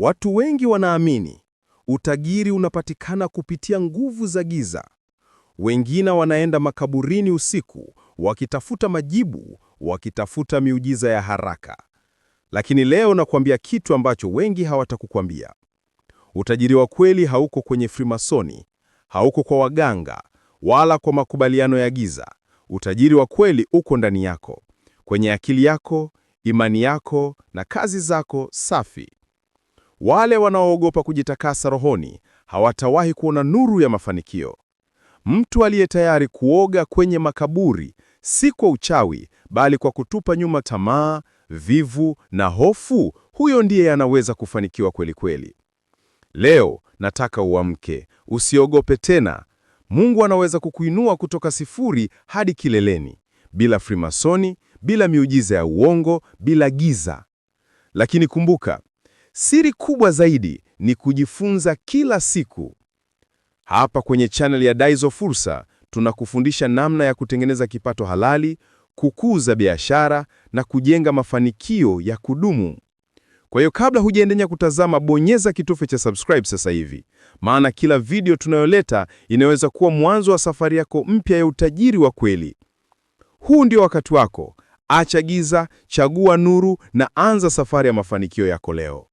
Watu wengi wanaamini utajiri unapatikana kupitia nguvu za giza. Wengine wanaenda makaburini usiku wakitafuta majibu, wakitafuta miujiza ya haraka. Lakini leo nakwambia kitu ambacho wengi hawatakukwambia. Utajiri wa kweli hauko kwenye Freemasoni, hauko kwa waganga, wala kwa makubaliano ya giza. Utajiri wa kweli uko ndani yako, kwenye akili yako, imani yako na kazi zako safi. Wale wanaoogopa kujitakasa rohoni hawatawahi kuona nuru ya mafanikio. Mtu aliye tayari kuoga kwenye makaburi, si kwa uchawi, bali kwa kutupa nyuma tamaa, vivu na hofu, huyo ndiye anaweza kufanikiwa kweli kweli. Leo nataka uamke, usiogope tena. Mungu anaweza kukuinua kutoka sifuri hadi kileleni, bila frimasoni, bila miujiza ya uongo, bila giza. Lakini kumbuka, Siri kubwa zaidi ni kujifunza kila siku. Hapa kwenye channel ya Daizo Fursa tunakufundisha namna ya kutengeneza kipato halali, kukuza biashara na kujenga mafanikio ya kudumu. Kwa hiyo kabla hujaendelea kutazama, bonyeza kitufe cha subscribe sasa hivi, maana kila video tunayoleta inaweza kuwa mwanzo wa safari yako mpya ya utajiri wa kweli. Huu ndio wakati wako. Acha giza, chagua nuru na anza safari ya mafanikio yako leo.